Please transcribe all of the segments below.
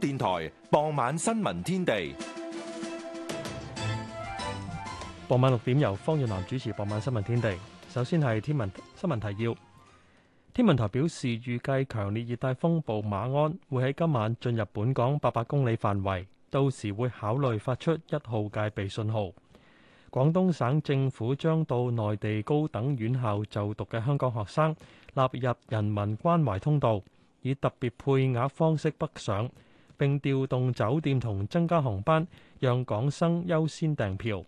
電台傍晚新聞天地。傍晚六點由方月蘭主持。傍晚新聞天地，首先係天文新聞提要。天文台表示，預計強烈熱帶風暴馬鞍會喺今晚進入本港八百公里範圍，到時會考慮發出一號戒備信號。廣東省政府將到內地高等院校就讀嘅香港學生納入人民關懷通道，以特別配額方式北上。並調動酒店同增加航班，讓港生優先訂票。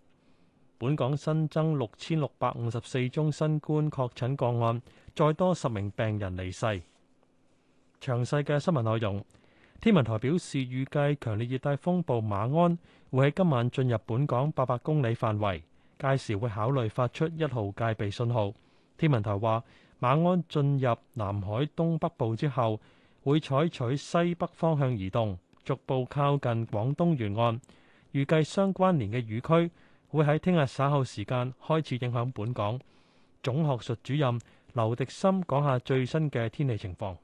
本港新增六千六百五十四宗新冠確診個案，再多十名病人離世。詳細嘅新聞內容，天文台表示預計強烈熱帶風暴馬鞍會喺今晚進入本港八百公里範圍，屆時會考慮發出一號戒備信號。天文台話，馬鞍進入南海東北部之後。會採取西北方向移動，逐步靠近廣東沿岸。預計相關聯嘅雨區會喺聽日稍後時間開始影響本港。總學術主任劉迪森講下最新嘅天氣情況。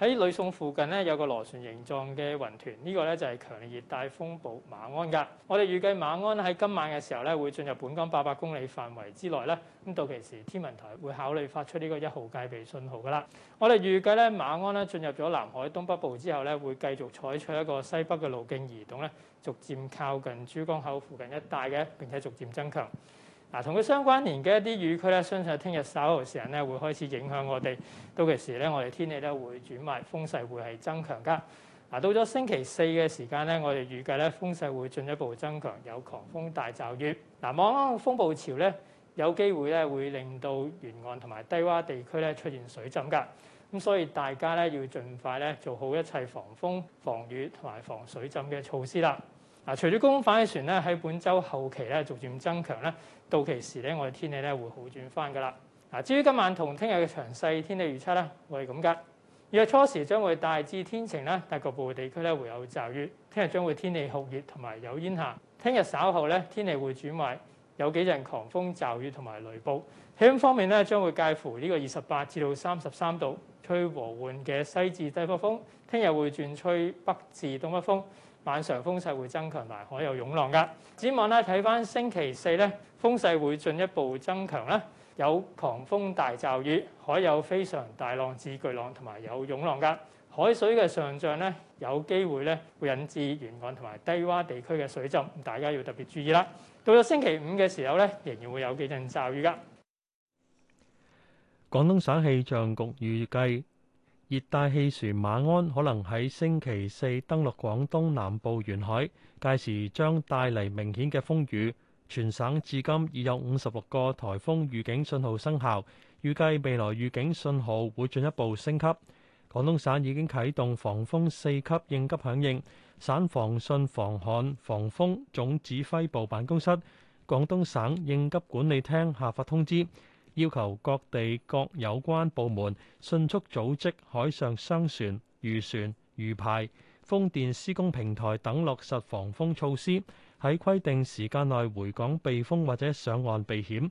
喺呂宋附近咧有個螺旋形狀嘅雲團，呢個咧就係強烈熱帶風暴馬鞍㗎。我哋預計馬鞍喺今晚嘅時候咧會進入本港八百公里範圍之內咧，咁到期時天文台會考慮發出呢個一號戒備信號㗎啦。我哋預計咧馬鞍咧進入咗南海東北部之後咧，會繼續採取一個西北嘅路徑移動咧，逐漸靠近珠江口附近一帶嘅，並且逐漸增強。嗱，同佢相關連嘅一啲雨區咧，相信喺聽日稍後時間咧會開始影響我哋。到其時咧，我哋天氣咧會轉壞，風勢會係增強㗎。嗱，到咗星期四嘅時間咧，我哋預計咧風勢會進一步增強，有狂風大驟雨。嗱，望風暴潮咧有機會咧會令到沿岸同埋低窪地區咧出現水浸㗎。咁所以大家咧要儘快咧做好一切防風、防雨同埋防水浸嘅措施啦。嗱，隨住高空反氣旋咧喺本週後期咧逐漸增強咧，到期時咧我哋天氣咧會好轉翻噶啦。嗱，至於今晚同聽日嘅詳細天氣預測咧，係咁噶。約初時將會大致天晴啦，但局部地區咧會有驟雨。聽日將會天氣酷熱同埋有煙霞。聽日稍後咧天氣會轉為有幾陣狂風驟雨同埋雷暴。氣温方面咧將會介乎呢個二十八至到三十三度，吹和緩嘅西至西北風。聽日會轉吹北至東北風。晚上風勢會增強，埋海有湧浪㗎。展望咧，睇返星期四咧，風勢會進一步增強啦，有狂風大驟雨，海有非常大浪至巨浪，同埋有湧浪㗎。海水嘅上漲咧，有機會咧會引致沿岸同埋低洼地區嘅水浸，大家要特別注意啦。到咗星期五嘅時候咧，仍然會有幾陣驟雨㗎。廣東省氣象局預計。熱帶氣旋馬鞍可能喺星期四登陸廣東南部沿海，屆時將帶嚟明顯嘅風雨。全省至今已有五十六個台風預警信號生效，預計未來預警信號會進一步升級。廣東省已經啟動防風四級應急響應，省防汛防旱防風總指揮部辦公室、廣東省應急管理廳下發通知。要求各地各有關部門迅速組織海上商船、漁船、漁排、風電施工平台等落實防風措施，喺規定時間內回港避風或者上岸避險。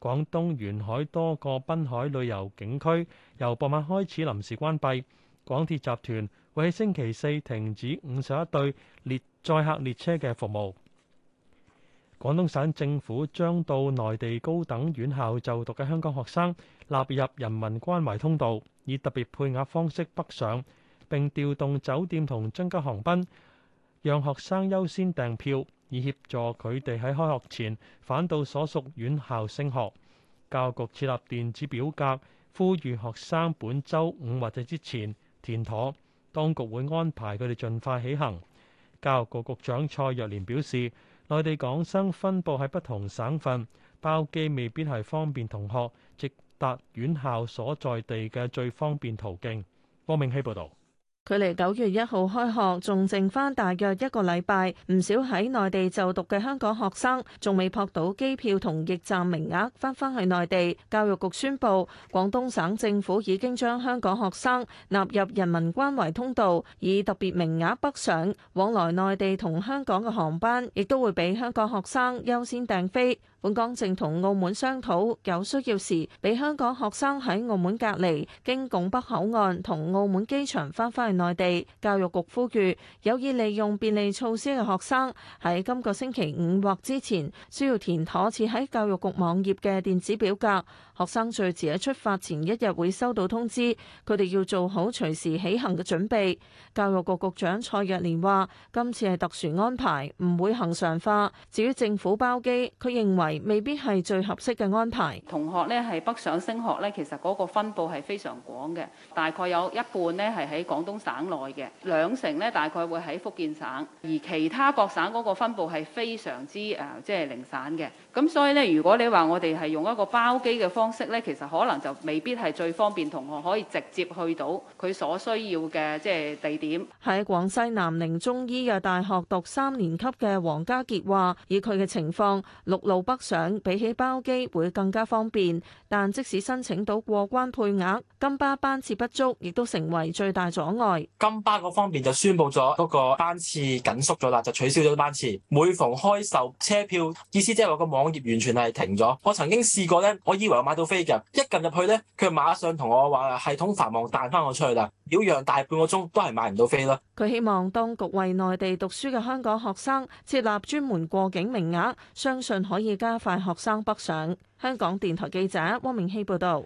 廣東沿海多個濱海旅遊景區由傍晚開始臨時關閉，廣鐵集團會喺星期四停止五十一對列載客列車嘅服務。廣東省政府將到內地高等院校就讀嘅香港學生納入人民關懷通道，以特別配額方式北上，並調動酒店同增加航班，讓學生優先訂票，以協助佢哋喺開學前返到所屬院校升學。教育局設立電子表格，呼籲學生本周五或者之前填妥，當局會安排佢哋盡快起行。教育局局長蔡若蓮表示。內地港生分布喺不同省份，包機未必係方便同學直達院校所在地嘅最方便途徑。汪明希報導。距離九月一號開學仲剩翻大約一個禮拜，唔少喺內地就讀嘅香港學生仲未撲到機票同驛站名額翻返去內地。教育局宣布，廣東省政府已經將香港學生納入人民關懷通道，以特別名額北上往來內地同香港嘅航班，亦都會俾香港學生優先訂飛。本港正同澳門商討，有需要時，俾香港學生喺澳門隔離，經拱北口岸同澳門機場翻返去內地。教育局呼籲有意利用便利措施嘅學生，喺今個星期五或之前，需要填妥設喺教育局網頁嘅電子表格。學生最遲喺出發前一日會收到通知，佢哋要做好隨時起行嘅準備。教育局局長蔡若蓮話：今次係特殊安排，唔會恆常化。至於政府包機，佢認為未必係最合適嘅安排。同學呢係北上升學呢其實嗰個分布係非常廣嘅，大概有一半呢係喺廣東省內嘅，兩成呢大概會喺福建省，而其他各省嗰個分布係非常之誒即係零散嘅。咁所以呢，如果你話我哋係用一個包機嘅方，方式咧，其實可能就未必係最方便，同學可以直接去到佢所需要嘅即係地點。喺廣西南寧中醫嘅大學讀三年級嘅黃家傑話，以佢嘅情況，陸路北上比起包機會更加方便。但即使申請到過關配額，金巴班次不足，亦都成為最大阻礙。金巴嗰方面就宣布咗嗰個班次緊縮咗啦，就取消咗班次。每逢開售車票，意思即係話個網頁完全係停咗。我曾經試過呢，我以為我買。買到飛嘅一撳入去咧，佢馬上同我話系統繁忙，彈翻我出去啦，擾攘大半個鐘都係買唔到飛咯。佢希望當局為內地讀書嘅香港學生設立專門過境名額，相信可以加快學生北上。香港電台記者汪明希報導，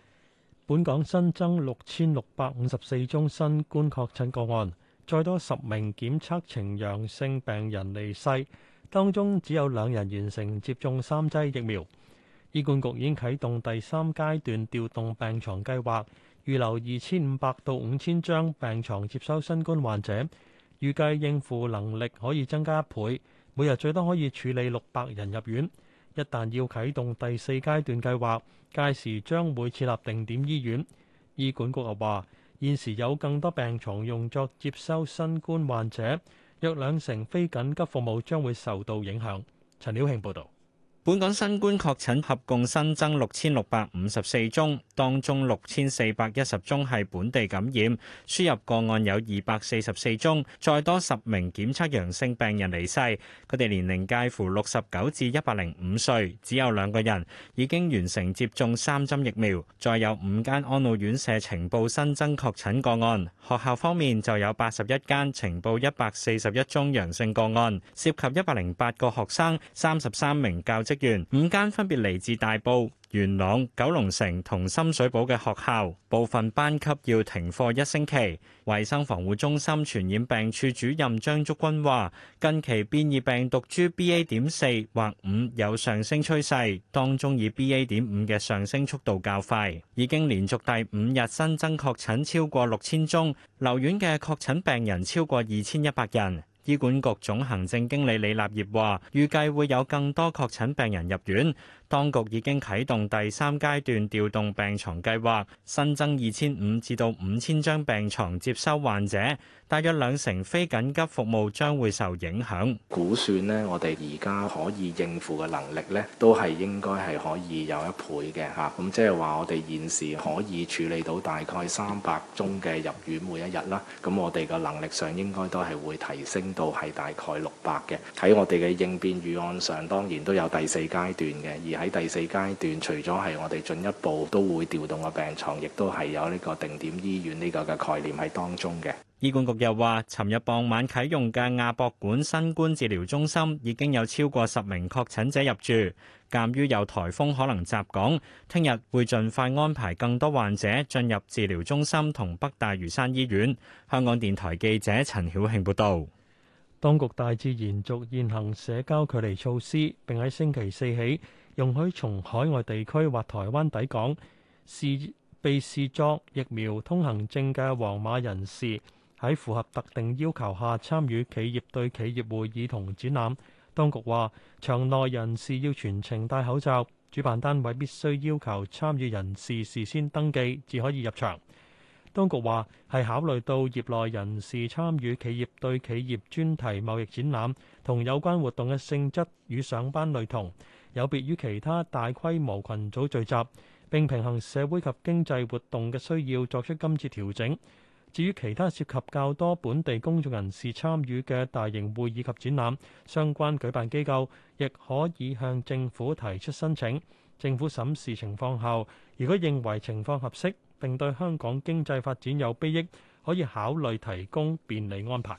本港新增六千六百五十四宗新冠確診個案，再多十名檢測呈陽性病人離世，當中只有兩人完成接種三劑疫苗。醫管局已經啟動第三階段調動病床計劃，預留二千五百到五千張病床接收新冠患者，預計應付能力可以增加一倍，每日最多可以處理六百人入院。一旦要啟動第四階段計劃，屆時將會設立定點醫院。醫管局又話，現時有更多病床用作接收新冠患者，約兩成非緊急服務將會受到影響，陳曉慶報道。本港新冠確診合共新增六千六百五十四宗，當中六千四百一十宗係本地感染，輸入個案有二百四十四宗，再多十名檢測陽性病人離世，佢哋年齡介乎六十九至一百零五歲，只有兩個人已經完成接種三針疫苗，再有五間安老院舍呈報新增確診個案，學校方面就有八十一間呈報一百四十一宗陽性個案，涉及一百零八個學生，三十三名教職。五間分別嚟自大埔、元朗、九龍城同深水埗嘅學校，部分班級要停課一星期。衞生防護中心傳染病處主任張竹君話：近期變異病毒株 B A 點四或五有上升趨勢，當中以 B A 點五嘅上升速度較快，已經連續第五日新增確診超過六千宗，留院嘅確診病人超過二千一百人。醫管局總行政經理李立業話，預計會有更多確診病人入院。當局已經啟動第三階段調動病床計劃，新增二千五至到五千張病床接收患者，大約兩成非緊急服務將會受影響。估算呢，我哋而家可以應付嘅能力呢，都係應該係可以有一倍嘅吓。咁即係話我哋現時可以處理到大概三百宗嘅入院每一日啦。咁我哋嘅能力上應該都係會提升到係大概六百嘅。喺我哋嘅應變預案上，當然都有第四階段嘅，而係。喺第四階段，除咗係我哋進一步都會調動嘅病牀，亦都係有呢個定點醫院呢個嘅概念喺當中嘅。醫管局又話，尋日傍晚啟用嘅亞博館新冠治療中心已經有超過十名確診者入住。鑑於有颱風可能襲港，聽日會盡快安排更多患者進入治療中心同北大嶼山醫院。香港電台記者陳曉慶報導。當局大致延續現行社交距離措施，並喺星期四起。容許從海外地區或台灣抵港，視被視作疫苗通行證嘅皇馬人士喺符合特定要求下參與企業對企業會議同展覽。當局話，場內人士要全程戴口罩，主辦單位必須要求參與人士事先登記，至可以入場。當局話，係考慮到業內人士參與企業對企業專題貿易展覽同有關活動嘅性質與上班類同。有別於其他大規模群組聚集，並平衡社會及經濟活動嘅需要，作出今次調整。至於其他涉及較多本地公眾人士參與嘅大型會議及展覽，相關舉辦機構亦可以向政府提出申請。政府審視情況後，如果認為情況合適，並對香港經濟發展有裨益，可以考慮提供便利安排。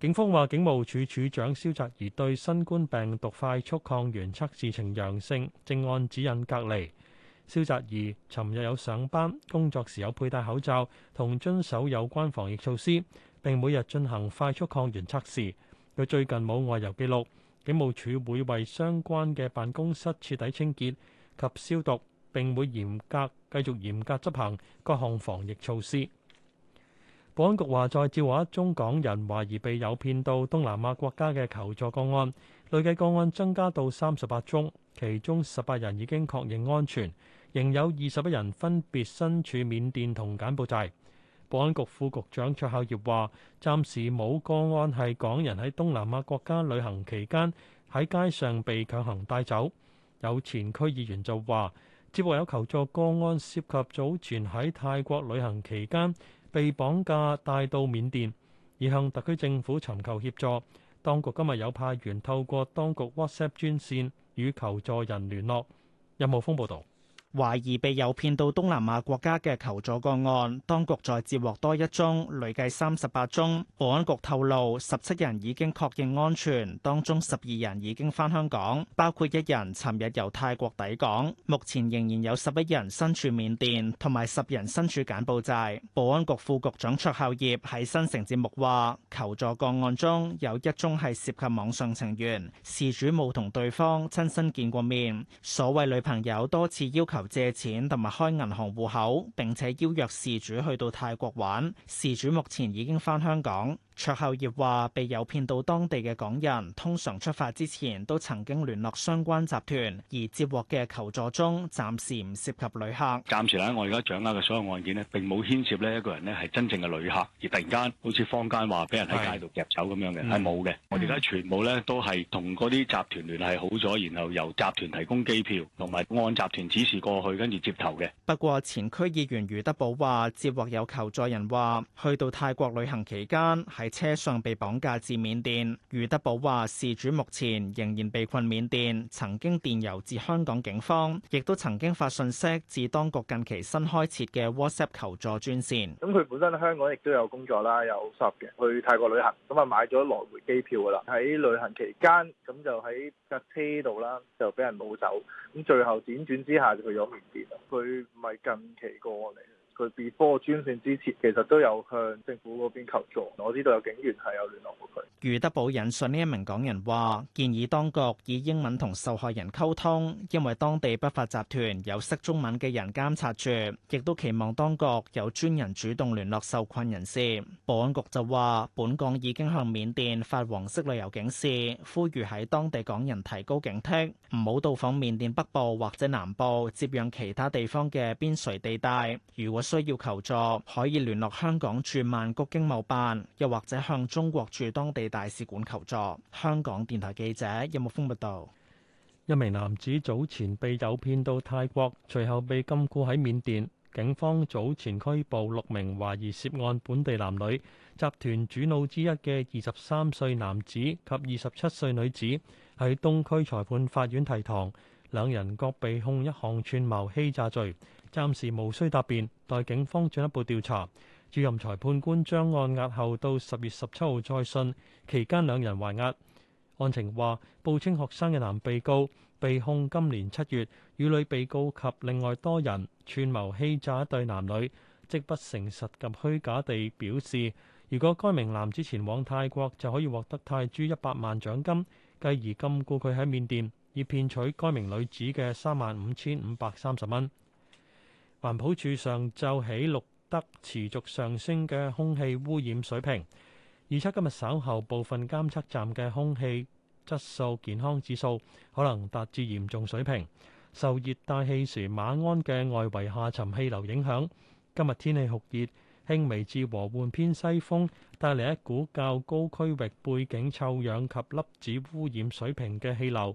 警方話，警務處處長蕭澤頤對新冠病毒快速抗原測試呈陽性，正按指引隔離。蕭澤頤尋日有上班，工作時有佩戴口罩同遵守有關防疫措施，並每日進行快速抗原測試。佢最近冇外遊記錄。警務處會為相關嘅辦公室徹底清潔及消毒，並會嚴格，繼續嚴格執行各項防疫措施。保安局話，再接獲一宗港人懷疑被誘騙到東南亞國家嘅求助個案，累計個案增加到三十八宗，其中十八人已經確認安全，仍有二十一人分別身處緬甸同柬埔寨。保安局副局長卓孝業話：暫時冇個案係港人喺東南亞國家旅行期間喺街上被強行帶走。有前區議員就話，接獲有求助個案涉及早前喺泰國旅行期間。被綁架帶到緬甸，已向特區政府尋求協助。當局今日有派員透過當局 WhatsApp 專線與求助人聯絡。任茂峰報導。懷疑被誘騙到東南亞國家嘅求助個案，當局再接獲多一宗，累計三十八宗。保安局透露，十七人已經確認安全，當中十二人已經返香港，包括一人尋日由泰國抵港。目前仍然有十一人身處緬甸，同埋十人身處柬埔寨。保安局副局長卓孝業喺新城節目話：求助個案中有一宗係涉及網上情緣，事主冇同對方親身見過面，所謂女朋友多次要求。求借錢同埋開銀行戶口，並且邀約事主去到泰國玩。事主目前已經返香港。卓孝業話：被誘騙到當地嘅港人，通常出發之前都曾經聯絡相關集團，而接獲嘅求助中，暫時唔涉及旅客。暫時咧，我而家掌握嘅所有案件咧，並冇牽涉呢一個人咧係真正嘅旅客，而突然間好似坊間話俾人喺街度夾走咁樣嘅，係冇嘅。我哋而家全部咧都係同嗰啲集團聯繫好咗，然後由集團提供機票，同埋按集團指示過去，跟住接頭嘅。不過前區議員余德寶話，接獲有求助人話，去到泰國旅行期間係。車上被綁架至緬甸，余德寶話事主目前仍然被困緬甸，曾經電郵至香港警方，亦都曾經發信息至當局近期新開設嘅 WhatsApp 求助專線。咁佢本身香港亦都有工作啦，有 job 嘅，去泰國旅行，咁啊買咗來回機票噶啦。喺旅行期間，咁就喺架車度啦，就俾人擄走。咁最後輾轉之下就去咗緬甸。佢唔係近期過嚟。佢 b e 專線之前，其實都有向政府嗰邊求助。我知道有警員係有聯絡過佢。余德寶引述呢一名港人話：建議當局以英文同受害人溝通，因為當地不法集團有識中文嘅人監察住，亦都期望當局有專人主動聯絡受困人士。保安局就話：本港已經向緬甸發黃色旅遊警示，呼籲喺當地港人提高警惕，唔好到訪緬甸北部或者南部接壤其他地方嘅邊陲地帶。如果需要求助，可以聯絡香港駐曼谷經貿辦，又或者向中國駐當地大使館求助。香港電台記者任木豐報道，一名男子早前被誘騙到泰國，隨後被禁錮喺緬甸。警方早前拘捕六名懷疑涉案本地男女，集團主腦之一嘅二十三歲男子及二十七歲女子喺東區裁判法院提堂。兩人各被控一項串謀欺詐罪，暫時無需答辯，待警方進一步調查。主任裁判官將案押後到十月十七號再訊，期間兩人還押。案情話，報稱學生嘅男被告被控今年七月與女被告及另外多人串謀欺詐一對男女，即不誠實及虛假地表示，如果該名男子前往泰國就可以獲得泰銖一百萬獎金，繼而禁錮佢喺緬甸。以騙取該名女子嘅三萬五千五百三十蚊。環保署上晝起錄得持續上升嘅空氣污染水平，預測今日稍後部分監測站嘅空氣質素健康指數可能達至嚴重水平。受熱帶氣旋馬鞍嘅外圍下沉氣流影響，今日天氣酷熱，輕微至和緩偏西風，帶嚟一股較高區域背景臭氧及粒子污染水平嘅氣流。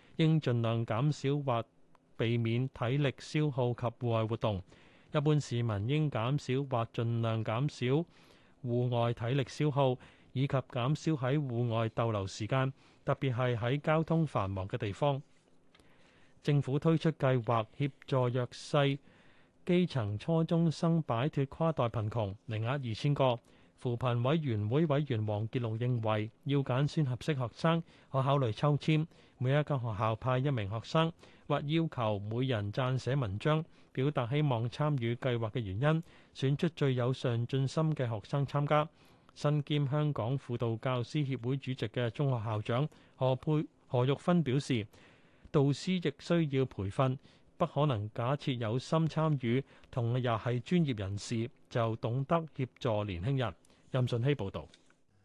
應盡量減少或避免體力消耗及戶外活動。一般市民應減少或盡量減少戶外體力消耗，以及減少喺戶外逗留時間，特別係喺交通繁忙嘅地方。政府推出計劃協助弱勢基層初中生擺脫跨代貧窮，名額二千個。扶貧委員會委員黃傑龍認為，要揀選合適學生，可考慮抽籤，每一間學校派一名學生，或要求每人撰寫文章，表達希望參與計劃嘅原因，選出最有上進心嘅學生參加。身兼香港輔導教師協會主席嘅中學校長何佩何玉芬表示，導師亦需要培訓，不可能假設有心參與同又係專業人士就懂得協助年輕人。任舜熙報道，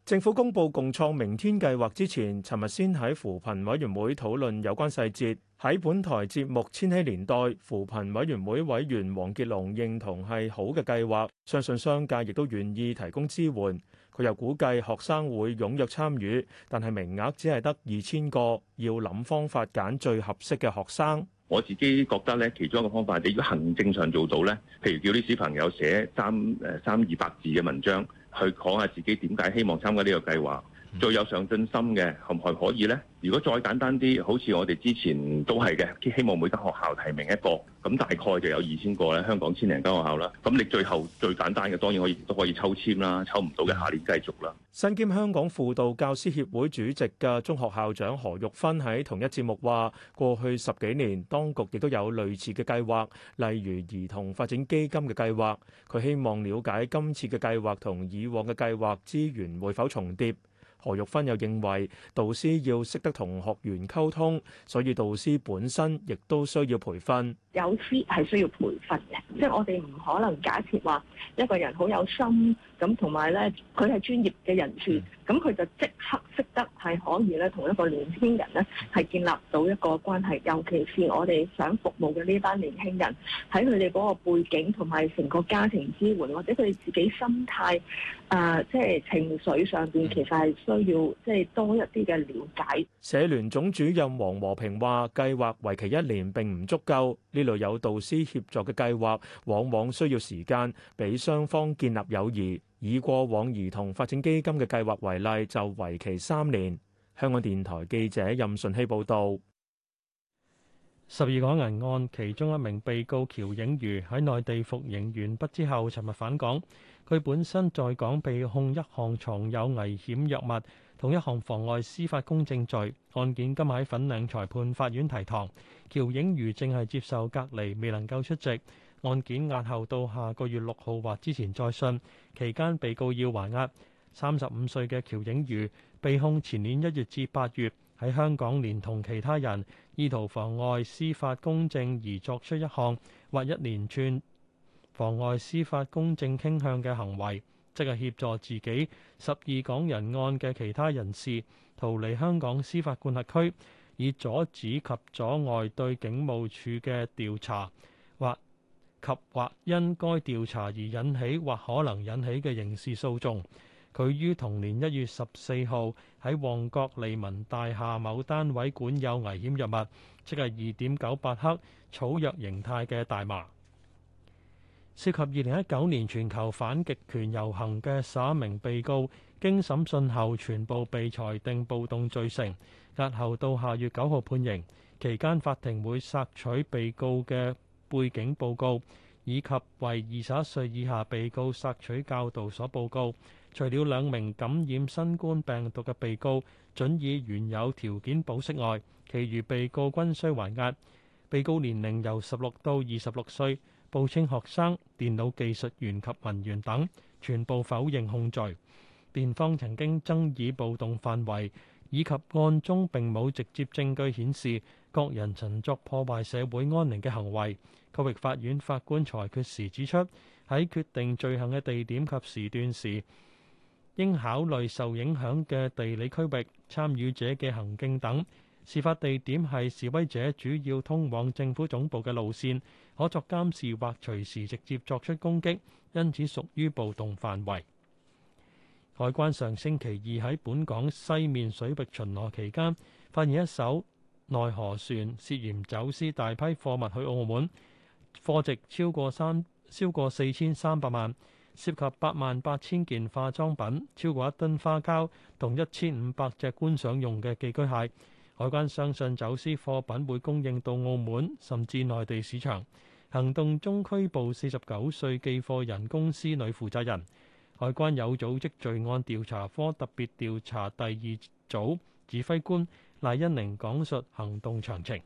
政府公布《共創明天計劃》之前，尋日先喺扶貧委員會討論有關細節。喺本台節目《千禧年代》，扶貧委員會委員黃傑龍認同係好嘅計劃，相信商界亦都願意提供支援。佢又估計學生會踴躍參與，但係名額只係得二千個，要諗方法揀最合適嘅學生。我自己覺得咧，其中一個方法你如果行政上做到咧，譬如叫啲小朋友寫三誒三二百字嘅文章。去講下自己點解希望參加呢個計劃。最有上進心嘅可唔可以可以呢？如果再簡單啲，好似我哋之前都係嘅，希望每間學校提名一個，咁大概就有二千個咧。香港千零間學校啦，咁你最後最簡單嘅當然可以都可以抽籤啦，抽唔到嘅下年繼續啦。身兼香港輔導教師協會主席嘅中學校長何玉芬喺同一節目話，過去十幾年，當局亦都有類似嘅計劃，例如兒童發展基金嘅計劃。佢希望了解今次嘅計劃同以往嘅計劃資源會否重疊。何玉芬又認為，導師要識得同學員溝通，所以導師本身亦都需要培訓。有啲係需要培訓嘅，即係我哋唔可能假設話一個人好有心咁，同埋咧佢係專業嘅人士，咁佢就即刻識得係可以咧同一個年輕人咧係建立到一個關係。尤其是我哋想服務嘅呢班年輕人，喺佢哋嗰個背景同埋成個家庭支援，或者佢哋自己心態啊，即係情緒上邊其實係需要即係多一啲嘅了解。社聯總主任黃和平話：計劃為期一年並唔足夠。類有導師協助嘅計劃，往往需要時間俾雙方建立友誼。以過往兒童發展基金嘅計劃為例，就為期三年。香港電台記者任順希報道。十二港人案，其中一名被告喬映瑜喺內地服刑完畢之後，尋日返港。佢本身在港被控一項藏有危險藥物，同一項妨礙司法公正罪。案件今日喺粉嶺裁判法院提堂。喬影如正係接受隔離，未能夠出席。案件押後到下個月六號或之前再訊。期間被告要還押。三十五歲嘅喬影如被控前年一月至八月喺香港連同其他人意圖妨礙司法公正而作出一項或一連串妨礙司法公正傾向嘅行為，即係協助自己十二港人案嘅其他人士逃離香港司法管轄區，以阻止及阻礙對警務處嘅調查，或及或因該調查而引起或可能引起嘅刑事訴訟。佢於同年一月十四號喺旺角利民大廈某單位管有危險藥物，即係二點九八克草藥形態嘅大麻。涉及二零一九年全球反極權遊行嘅十一名被告。經審訊後，全部被裁定暴動罪成，押後到下月九號判刑。期間法庭會索取被告嘅背景報告，以及為二十一歲以下被告索取教導所報告。除了兩名感染新冠病毒嘅被告准以原有條件保釋外，其餘被告均需還押。被告年齡由十六到二十六歲，報稱學生、電腦技術員及文員等，全部否認控罪。辯方曾經爭議暴動範圍，以及案中並冇直接證據顯示各人曾作破壞社會安寧嘅行為。區域法院法官裁決時指出，喺決定罪行嘅地點及時段時，應考慮受影響嘅地理區域、參與者嘅行徑等。事發地點係示威者主要通往政府總部嘅路線，可作監視或隨時直接作出攻擊，因此屬於暴動範圍。海關上星期二喺本港西面水域巡邏期間，發現一艘內河船涉嫌走私大批貨物去澳門，貨值超過三超過四千三百萬，涉及八萬八千件化妝品、超過一噸花膠同一千五百隻觀賞用嘅寄居蟹。海關相信走私貨品會供應到澳門甚至內地市場。行動中拘捕四十九歲寄貨人公司女負責人。海關有組織罪案調查科特別調查第二組指揮官賴恩寧講述行動詳情。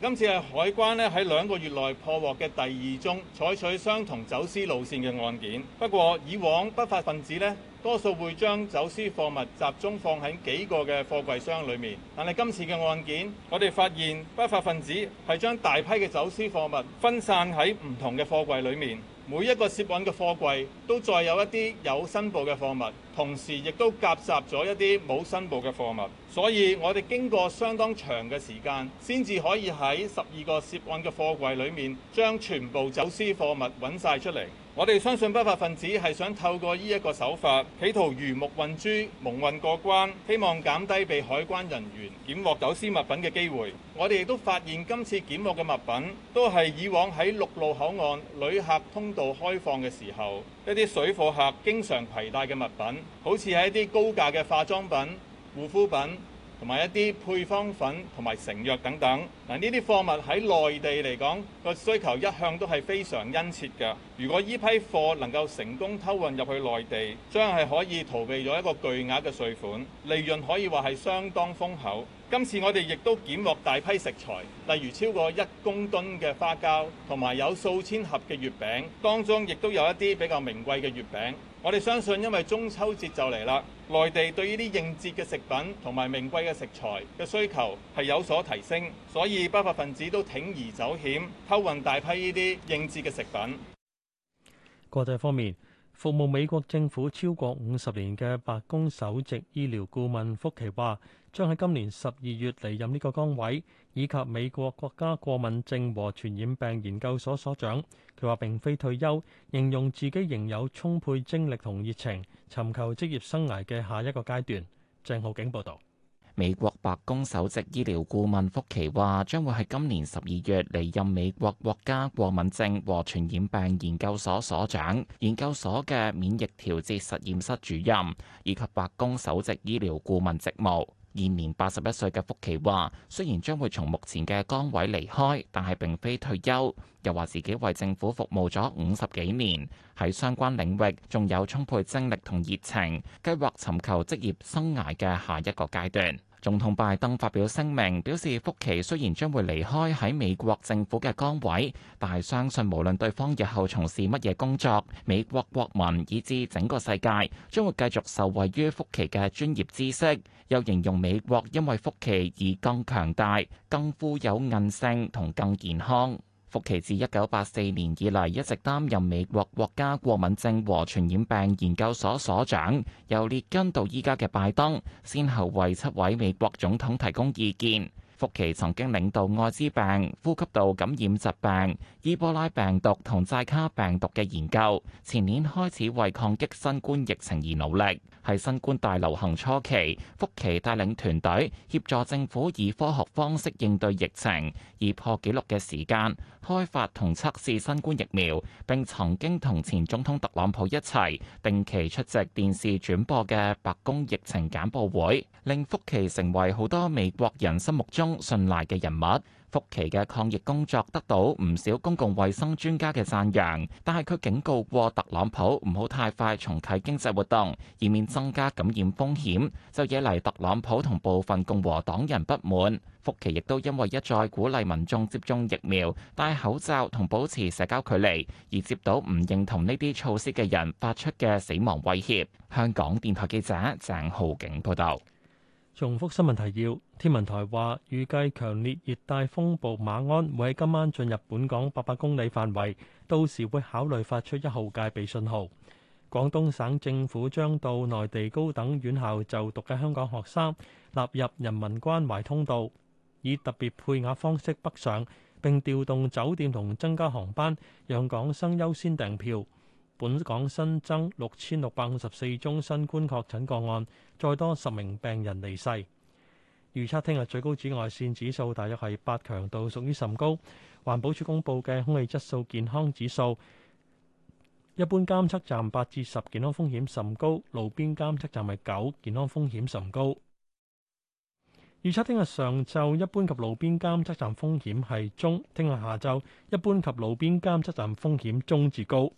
今次係海關呢喺兩個月內破獲嘅第二宗採取相同走私路綫嘅案件。不過以往不法分子呢，多數會將走私貨物集中放喺幾個嘅貨櫃箱裏面。但係今次嘅案件，我哋發現不法分子係將大批嘅走私貨物分散喺唔同嘅貨櫃裏面。每一個涉案嘅貨櫃都載有一啲有申報嘅貨物，同時亦都夾雜咗一啲冇申報嘅貨物，所以我哋經過相當長嘅時間，先至可以喺十二個涉案嘅貨櫃裡面將全部走私貨物揾晒出嚟。我哋相信不法分子係想透過呢一個手法，企圖魚目混珠、蒙混過關，希望減低被海關人員檢獲走私物品嘅機會，我哋亦都發現今次檢獲嘅物品，都係以往喺陸路口岸旅客通道開放嘅時候，一啲水貨客經常攜帶嘅物品，好似係一啲高價嘅化妝品、護膚品。同埋一啲配方粉同埋成藥等等，嗱，呢啲貨物喺內地嚟講個需求一向都係非常殷切嘅。如果呢批貨能夠成功偷運入去內地，將係可以逃避咗一個巨額嘅稅款，利潤可以話係相當豐厚。今次我哋亦都檢獲大批食材，例如超過一公噸嘅花膠，同埋有數千盒嘅月餅，當中亦都有一啲比較名貴嘅月餅。我哋相信，因為中秋節就嚟啦，內地對呢啲應節嘅食品同埋名貴嘅食材嘅需求係有所提升，所以不法分子都鋌而走險，偷運大批呢啲應節嘅食品。國際方面，服務美國政府超過五十年嘅白宮首席醫療顧問福奇話，將喺今年十二月離任呢個崗位，以及美國國家過敏症和傳染病研究所所長。佢話並非退休，形容自己仍有充沛精力同熱情，尋求職業生涯嘅下一個階段。鄭浩景報導。美國白宮首席醫療顧問福奇話，將會喺今年十二月離任美國國家過敏症和傳染病研究所所長、研究所嘅免疫調節實驗室主任，以及白宮首席醫療顧問職務。現年八十一歲嘅福奇話：雖然將會從目前嘅崗位離開，但係並非退休。又話自己為政府服務咗五十幾年，喺相關領域仲有充沛精力同熱情，計劃尋求職業生涯嘅下一個階段。總統拜登發表聲明，表示福奇雖然將會離開喺美國政府嘅崗位，但係相信無論對方日後從事乜嘢工作，美國國民以至整個世界將會繼續受惠於福奇嘅專業知識。又形容美國因為福奇而更強大、更富有韌性同更健康。福奇自一九八四年以嚟一直擔任美國國家過敏症和傳染病研究所所長，由列根到依家嘅拜登，先後為七位美國總統提供意見。福奇曾經領導艾滋病、呼吸道感染疾病、伊波拉病毒同寨卡病毒嘅研究，前年開始為抗擊新冠疫情而努力。喺新冠大流行初期，福奇帶領團隊協助政府以科學方式應對疫情，以破紀錄嘅時間。開發同測試新冠疫苗，並曾經同前總統特朗普一齊定期出席電視轉播嘅白宮疫情簡報會，令福奇成為好多美國人心目中信賴嘅人物。福奇嘅抗疫工作得到唔少公共衛生專家嘅讚揚，但係佢警告過特朗普唔好太快重啟經濟活動，以免增加感染風險，就惹嚟特朗普同部分共和黨人不滿。福奇亦都因為一再鼓勵民眾接種疫苗、戴口罩同保持社交距離，而接到唔認同呢啲措施嘅人發出嘅死亡威脅。香港電台記者鄭浩景報道。重複新聞提要：天文台話預計強烈熱帶風暴馬鞍會喺今晚進入本港八百公里範圍，到時會考慮發出一號戒備信號。廣東省政府將到內地高等院校就讀嘅香港學生納入人民關懷通道。以特別配額方式北上，並調動酒店同增加航班，讓港生優先訂票。本港新增六千六百五十四宗新冠確診個案，再多十名病人離世。預測聽日最高紫外線指數大約係八強度，屬於甚高。環保署公佈嘅空氣質素健康指數，一般監測站八至十，健康風險甚高；路邊監測站係九，健康風險甚高。預測聽日上晝一般及路邊監測站風險係中，聽日下晝一般及路邊監測站風險中至高。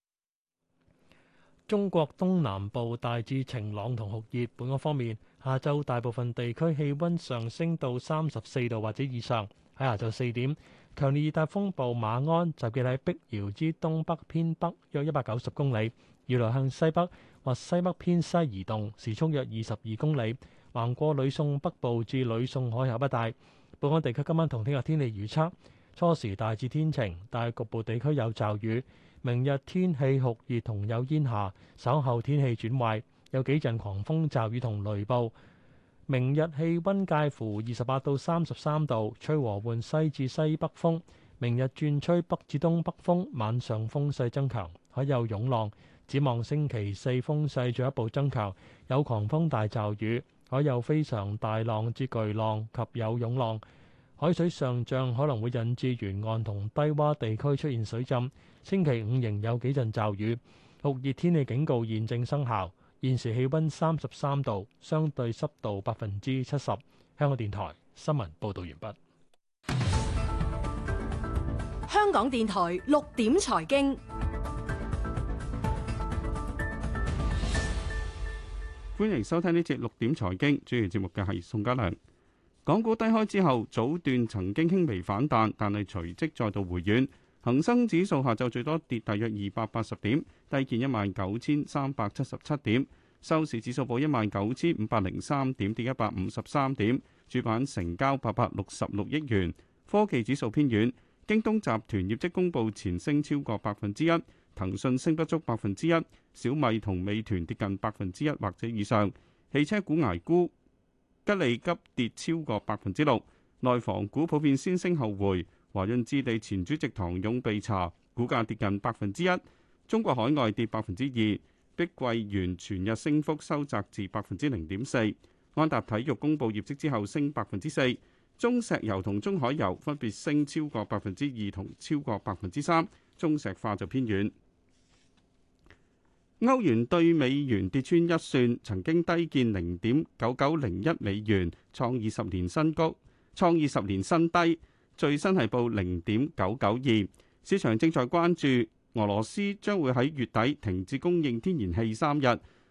中國東南部大致晴朗同酷熱。本港方面，下晝大部分地區氣温上升到三十四度或者以上。喺下晝四點，強烈熱帶風暴馬鞍集結喺碧瑤之東北偏北約一百九十公里，預料向西北或西北偏西移動，時速約二十二公里。橫過呂宋北部至呂宋海峽一帶。本港地區今晚同聽日天氣預測，初時大致天晴，但係局部地區有驟雨。明日天氣酷熱同有煙霞，稍後天氣轉壞，有幾陣狂風驟雨同雷暴。明日氣溫介乎二十八到三十三度，吹和緩西至西北風。明日轉吹北至東北風，晚上風勢增強，可有湧浪。展望星期四風勢進一步增強，有狂風大驟雨。海有非常大浪之巨浪及有湧浪，海水上漲，可能會引致沿岸同低洼地區出現水浸。星期五仍有幾陣驟雨。酷熱天氣警告現正生效。現時氣溫三十三度，相對濕度百分之七十。香港電台新聞報道完畢。香港電台六點財經。歡迎收聽呢節六點財經，主持節目嘅係宋家良。港股低開之後，早段曾經輕微反彈，但係隨即再度回軟。恒生指數下晝最多跌大約二百八十點，低見一萬九千三百七十七點，收市指數報一萬九千五百零三點，跌一百五十三點。主板成交八百六十六億元。科技指數偏軟，京東集團業績公布前升超過百分之一，騰訊升不足百分之一。小米同美團跌近百分之一或者以上，汽車股捱沽，吉利急跌，跌超過百分之六。內房股普遍先升後回，華潤置地前主席唐勇被查，股價跌近百分之一。中國海外跌百分之二，碧桂園全日升幅收窄至百分之零點四。安踏體育公布業績之後升百分之四，中石油同中海油分別升超過百分之二同超過百分之三，中石化就偏軟。歐元對美元跌穿一算，曾經低見零點九九零一美元，創二十年新高，創二十年新低。最新係報零點九九二。市場正在關注俄羅斯將會喺月底停止供應天然氣三日，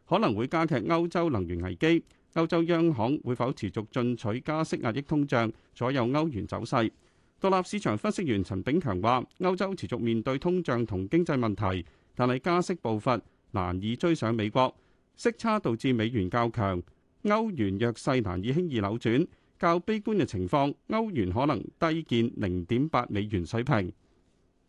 可能會加劇歐洲能源危機。歐洲央行會否持續進取加息壓抑通脹，左右歐元走勢？獨立市場分析員陳炳強話：歐洲持續面對通脹同經濟問題，但係加息步伐，難以追上美國息差導致美元較強，歐元弱勢難以輕易扭轉，較悲觀嘅情況，歐元可能低見零點八美元水平。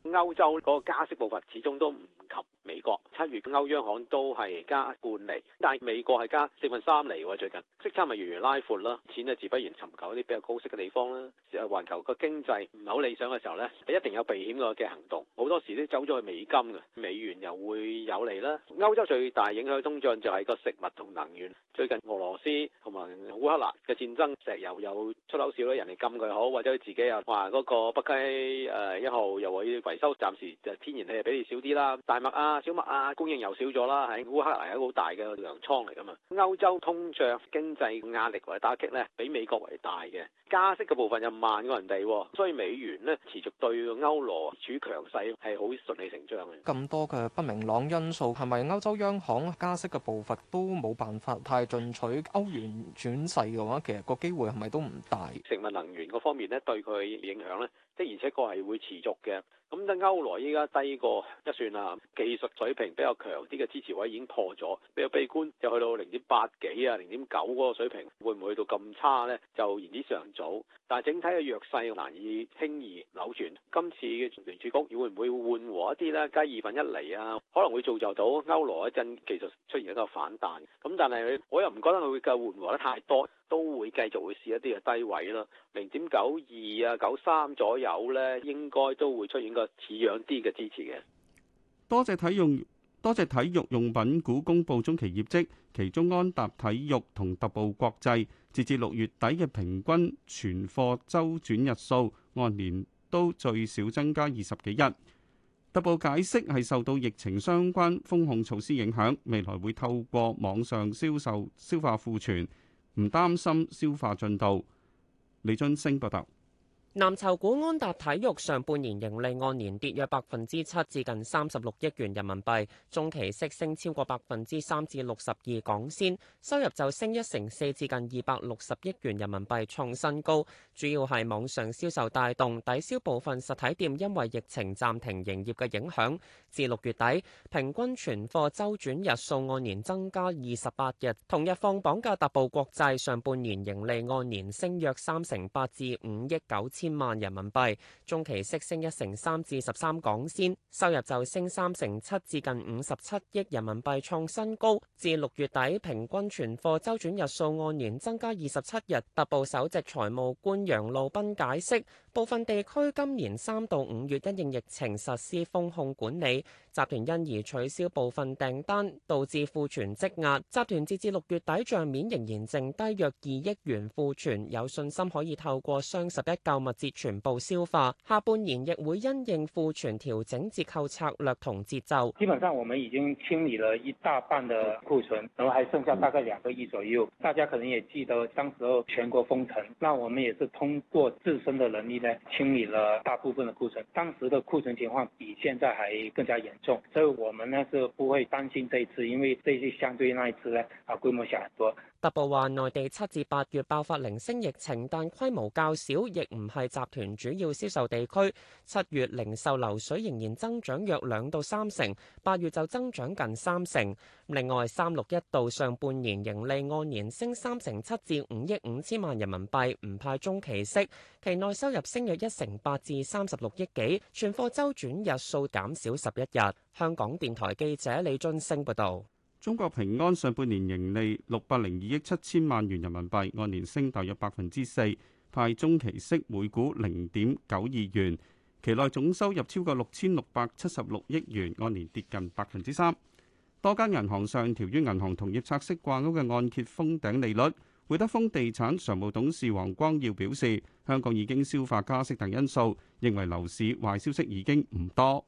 歐洲嗰個加息步伐始終都唔及。美國七月歐央，央行都係加半釐，但係美國係加四分三釐喎。最近息差咪源源拉闊啦，錢啊自不然尋求一啲比較高息嘅地方啦。環球個經濟唔係好理想嘅時候咧，一定有避險嘅嘅行動。好多時都走咗去美金㗎，美元又會有利啦。歐洲最大影響通脹就係個食物同能源。最近俄羅斯同埋烏克蘭嘅戰爭，石油又出口少啦，人哋禁佢好，或者佢自己又話嗰個北溪誒一號又話要維修，暫時就天然氣比你少啲啦，大麥啊。啊，小麥啊，供應又少咗啦，喺烏克蘭係一個好大嘅糧倉嚟噶嘛。歐洲通脹經濟壓力或者打擊咧，比美國為大嘅加息嘅部分又慢過人哋，所以美元咧持續對歐羅處強勢，係好順理成章嘅。咁多嘅不明朗因素，係咪歐洲央行加息嘅步伐都冇辦法太進取？歐元轉勢嘅話，其實個機會係咪都唔大？食物能源嗰方面咧，對佢影響咧？的而且確係會持續嘅，咁、嗯、即歐羅依家低過一算啦，技術水平比較強啲嘅支持位已經破咗，比較悲觀就去到零點八幾啊、零點九嗰個水平，會唔會去到咁差呢？就言之尚早，但係整體嘅弱勢難以輕易扭轉。今次嘅聯儲局會唔會緩和一啲呢？加二分一厘啊，可能會造就到歐羅一陣技術出現一個反彈。咁但係我又唔覺得佢會夠緩和得太多。都會繼續會試一啲嘅低位咯，零點九二啊、九三左右呢，應該都會出現個似樣啲嘅支持嘅。多謝體用，多謝體育用品股公布中期業績，其中安踏體育同特步國際截至六月底嘅平均存貨周轉日數按年都最少增加二十幾日。特步解釋係受到疫情相關封控措施影響，未來會透過網上銷售消化庫存。唔擔心消化進度，李津升報道。南籌股安踏體育上半年盈利按年跌約百分之七，至近三十六億元人民幣；中期息升超過百分之三，至六十二港仙；收入就升一成四，至近二百六十億元人民幣創新高，主要係網上銷售帶動，抵消部分實體店因為疫情暫停營業嘅影響。至六月底，平均存貨周轉日數按年增加二十八日。同日放榜嘅特步國際上半年盈利按年升約三成八，至五億九千。千萬人民幣，中期息升一成三至十三港仙，收入就升三成七至近五十七億人民幣，創新高。至六月底，平均存貨周轉日數按年增加二十七日，特報首席財務官楊路斌解釋，部分地區今年三到五月因應疫情實施封控管理。集團因而取消部分訂單，導致庫存積壓。集團截至六月底賬面仍然剩低約二億元庫存，有信心可以透過雙十一購物節全部消化。下半年亦會因應庫存調整折扣策略同節奏。基本上，我們已經清理了一大半的庫存，然後還剩下大概兩個億左右。大家可能也記得當時候全國封城，那我們也是通過自身的能力呢，清理了大部分的庫存。當時的庫存情況比現在還更加嚴。所以我們那時候不會擔心這一次，因為這次相對那一次呢，啊，規模小很多。特報話，內地七至八月爆發零星疫情，但規模較少，亦唔係集團主要銷售地區。七月零售流水仍然增長約兩到三成，八月就增長近三成。另外，三六一度上半年盈利按年升三成七至五億五千萬人民幣，唔派中期息，期內收入升約一成八至三十六億幾，全貨周轉日數減少十一日。香港電台記者李津升報道。中國平安上半年盈利六百零二億七千萬元人民幣，按年升大約百分之四，派中期息每股零點九二元，期內總收入超過六千六百七十六億元，按年跌近百分之三。多間銀行上調于銀行同業拆息掛鈎嘅按揭封頂利率。匯德豐地產常務董事黃光耀表示，香港已經消化加息等因素，認為樓市壞消息已經唔多。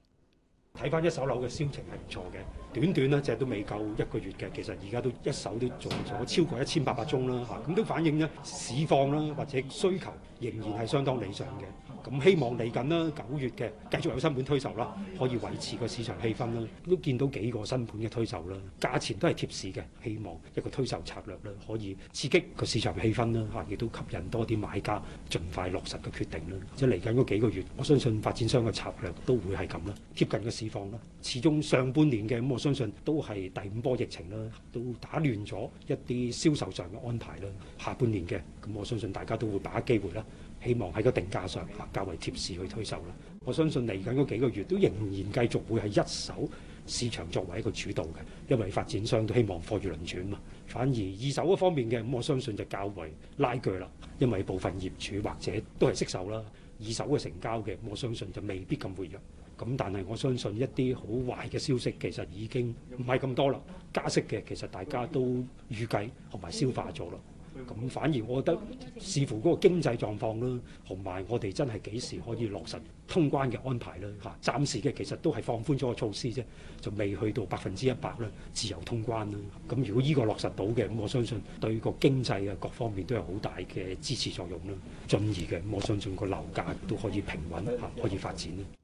睇返一手樓嘅銷情係唔錯嘅。短短呢只都未夠一個月嘅。其實而家都一手都做咗超過一千八百宗啦，嚇咁都反映呢市況啦，或者需求仍然係相當理想嘅。咁希望嚟緊啦九月嘅繼續有新盤推售啦，可以維持個市場氣氛啦。都見到幾個新盤嘅推售啦，價錢都係貼市嘅。希望一個推售策略咧，可以刺激個市場氣氛啦，嚇亦都吸引多啲買家盡快落實嘅決定啦。即係嚟緊嗰幾個月，我相信發展商嘅策略都會係咁啦，貼近嘅市況啦。始終上半年嘅咁相信都係第五波疫情啦，都打亂咗一啲銷售上嘅安排啦。下半年嘅咁，我相信大家都會把握機會啦。希望喺個定價上較為貼市去推售啦。我相信嚟緊嗰幾個月都仍然繼續會係一手市場作為一個主導嘅，因為發展商都希望貨如輪轉嘛。反而二手嗰方面嘅咁，我相信就較為拉鋸啦，因為部分業主或者都係惜售啦。二手嘅成交嘅，我相信就未必咁活躍。咁但係我相信一啲好壞嘅消息其實已經唔係咁多啦，加息嘅其實大家都預計同埋消化咗啦。咁反而我覺得視乎嗰個經濟狀況啦，同埋我哋真係幾時可以落實通關嘅安排啦。吓，暫時嘅其實都係放寬咗個措施啫，就未去到百分之一百啦，自由通關啦。咁如果依個落實到嘅，咁我相信對個經濟啊各方面都有好大嘅支持作用啦。進而嘅我相信個樓價都可以平穩吓可以發展啦。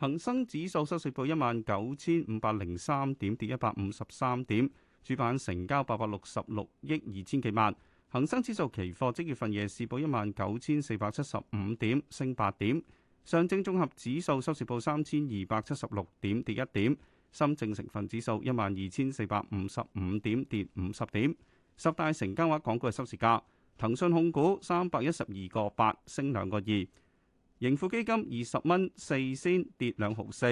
恒生指數收市報一萬九千五百零三點，跌一百五十三點。主板成交八百六十六億二千幾萬。恒生指數期貨即月份夜市報一萬九千四百七十五點，升八點。上證綜合指數收市報三千二百七十六點，跌一點。深證成分指數一萬二千四百五十五點，跌五十點。十大成交額港股嘅收市價，騰訊控股三百一十二個八，升兩個二。盈富基金二十蚊四仙跌兩毫四，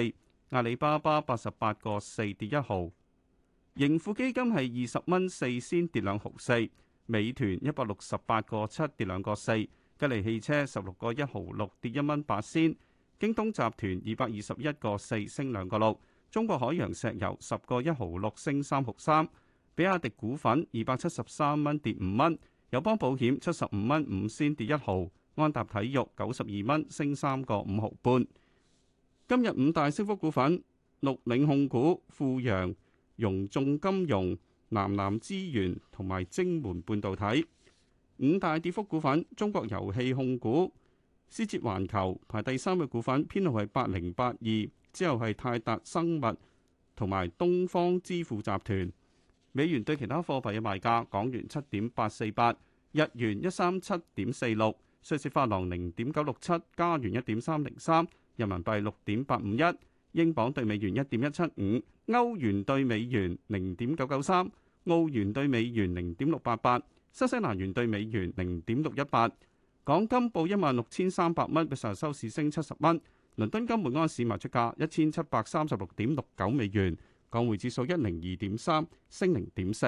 阿里巴巴八十八個四跌一毫，盈富基金係二十蚊四仙跌兩毫四，美團一百六十八個七跌兩個四，吉利汽車十六個一毫六跌一蚊八仙，京東集團二百二十一個四升兩個六，中國海洋石油十個一毫六升三毫三，比亞迪股份二百七十三蚊跌五蚊，友邦保險七十五蚊五仙跌一毫。安踏體育九十二蚊升三個五毫半。今日五大升幅股份：六領控股、富陽、融眾金融、南南資源同埋晶門半導體。五大跌幅股份：中國遊戲控股、思捷環球。排第三嘅股份編號係八零八二，之後係泰達生物同埋東方支付集團。美元對其他貨幣嘅賣價：港元七點八四八，日元一三七點四六。瑞士法郎零點九六七，加元一點三零三，人民幣六點八五一，英鎊對美元一點一七五，歐元對美元零點九九三，澳元對美元零點六八八，新西蘭元對美元零點六一八。港金報一萬六千三百蚊，比上日收市升七十蚊。倫敦金每安士賣出價一千七百三十六點六九美元，港匯指數一零二點三，升零點四。